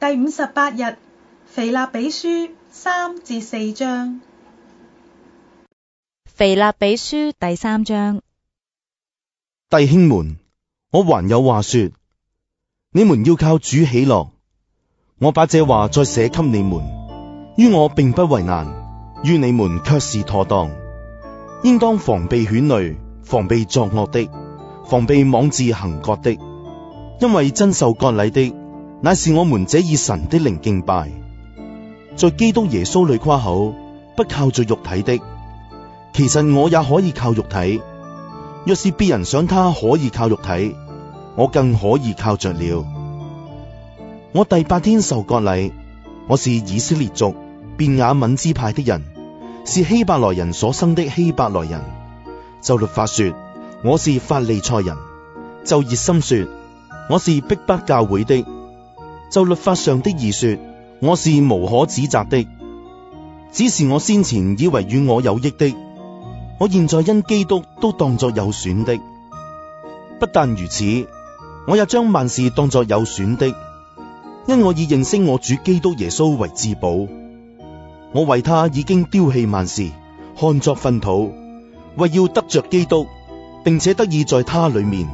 第五十八日，腓立比書三至四章。腓立比書第三章，弟兄們，我還有話說，你們要靠主喜樂。我把這話再寫給你們，於我並不為難，於你們却是妥當。應當防備犬類，防備作惡的，防備妄自行割的，因為真受割禮的。乃是我們這以神的靈敬拜，在基督耶穌裏誇口，不靠着肉體的。其實我也可以靠肉體，若是別人想他可以靠肉體，我更可以靠着了。我第八天受割禮，我是以色列族便雅憫支派的人，是希伯來人所生的希伯來人。就律法說，我是法利賽人；就熱心說，我是逼迫教會的。就律法上的義說，我是無可指責的，只是我先前以為與我有益的，我現在因基督都當作有損的。不但如此，我也將萬事當作有損的，因我以認識我主基督耶穌為至寶。我為他已經丟棄萬事，看作糞土，為要得着基督，並且得以在他裏面，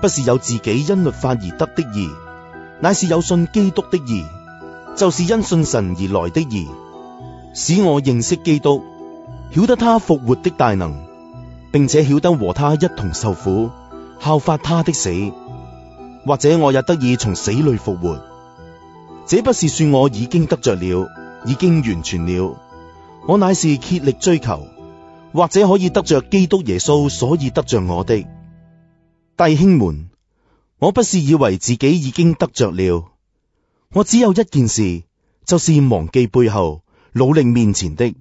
不是有自己因律法而得的義，乃是有信基督的義，就是因信神而來的義，使我認識基督，曉得他復活的大能，並且曉得和他一同受苦，效法他的死，或者我也得以從死裏復活。這不是說我已經得着了，已經完全了，我乃是竭力追求，或者可以得着基督耶穌，所以得着我的弟兄們。我不是以為自己已經得着了，我只有一件事，就是忘記背後，努力面前的，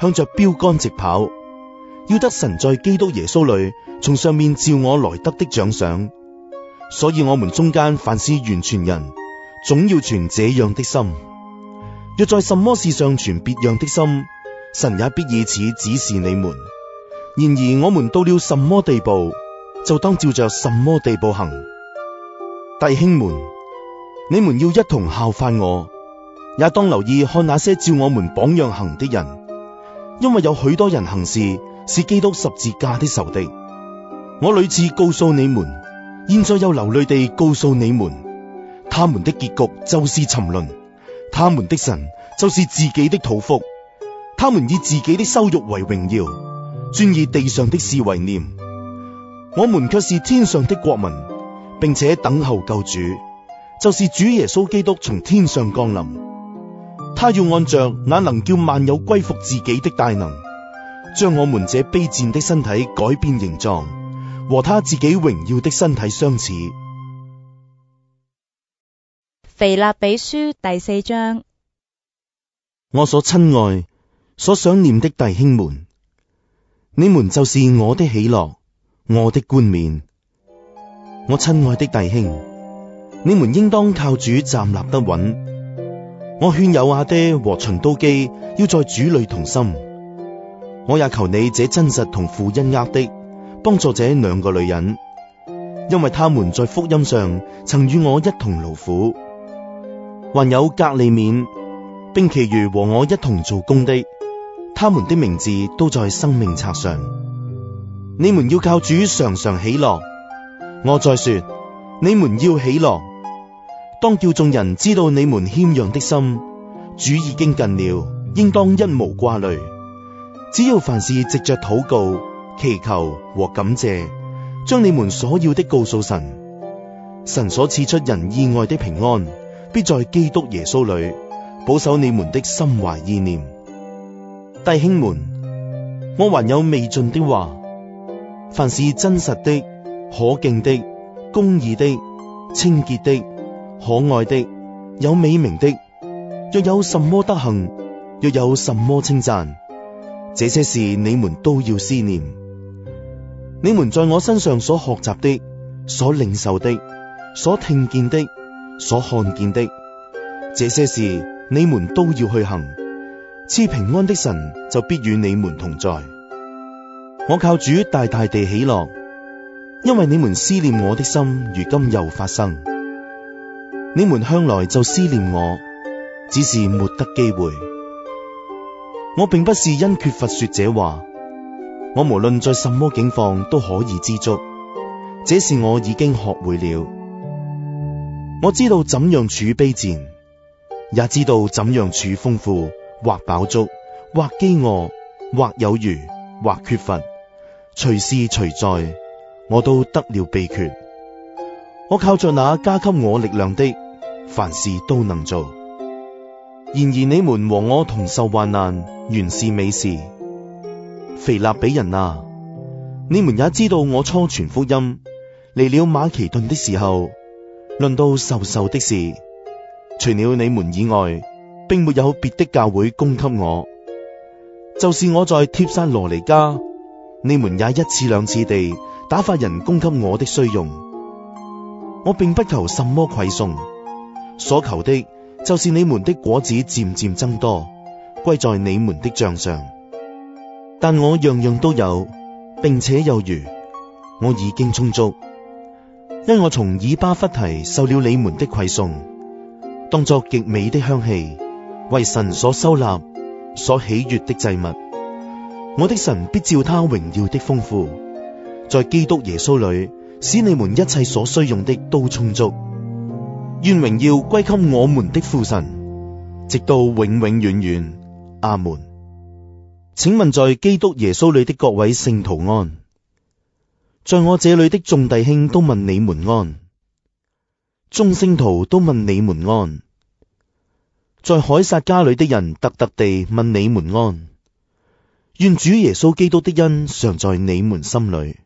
向着標竿直跑。要得神在基督耶穌裏從上面照我來得的獎賞。所以，我們中間凡是完全人，總要存這樣的心；若在什麼事上存別樣的心，神也必以此指示你們。然而，我們到了什麼地步，就當照着什麼地步行。弟兄們，你們要一同效法我，也當留意看那些照我們榜樣行的人，因為有許多人行事是基督十字架的仇敵。我屢次告訴你們，現在又流淚地告訴你們，他們的結局就是沉淪，他們的神就是自己的肚腹，他們以自己的羞辱為榮耀，專以地上的事為念。我們卻是天上的國民。並且等候救主，就是主耶穌基督從天上降臨。他要按着那能叫萬有歸服自己的大能，將我們這卑賤的身體改變形狀，和他自己榮耀的身體相似。腓立比書第四章，我所親愛、所想念的弟兄們，你們就是我的喜樂、我的冠冕。我親愛的弟兄，你們應當靠主站立得穩。我勸友阿爹和循都基要在主裏同心。我也求你這真實同負一軛的，幫助這兩個女人，因為他們在福音上曾與我一同勞苦，還有革利免，並其餘和我一同做工的，他們的名字都在生命冊上。你們要靠主常常喜樂。我再說，你們要喜樂，當叫眾人知道你們謙讓的心。主已經近了，應當一無掛慮。只要凡事藉着禱告、祈求和感謝，將你們所要的告訴神。神所賜出人意外的平安，必在基督耶穌裏保守你們的心懷意念。弟兄們，我還有未盡的話，凡是真實的。可敬的、公義的、清潔的、可愛的、有美名的，若有什麼德行，若有什麼稱讚，這些事你們都要思念。你們在我身上所學習的、所領受的、所聽見的、所看見的，這些事你們都要去行。賜平安的神就必與你們同在。我靠主大大地喜樂。因為你們思念我的心，如今又發生。你們向來就思念我，只是沒得機會。我並不是因缺乏說這話，我無論在什麼境況都可以知足，這是我已經學會了。我知道怎樣處卑賤，也知道怎樣處豐富，或飽足，或飢餓，或有餘，或有餘，或缺乏，隨事隨在。我都得了秘訣，我靠着那加給我力量的，凡事都能做。然而你們和我同受患難，原是美事。腓立比人啊，你們也知道我初傳福音離了馬其頓的時候，論到授受的事，除了你們以外，並沒有別的教會供給我。就是我在帖撒羅尼迦，你們也一次兩次地。打發人供給我的需用，我並不求什麼饋送，所求的，就是你們的果子漸漸增多，歸在你們的賬上。但我樣樣都有，並且有餘，我已經充足，因我從以巴弗提受了你們的饋送，當作極美的香氣，為神所收納，所喜悅的祭物。我的神必照他榮耀的豐富。在基督耶穌裏，使你們一切所需用的都充足。願榮耀歸給我們的父神，直到永永遠遠。阿門。請問在基督耶穌裏的各位聖徒安，在我這裏的眾弟兄都問你們安，眾聖徒都問你們安，在海撒家裏的人特特地問你們安。願主耶穌基督的恩常在你們心裏。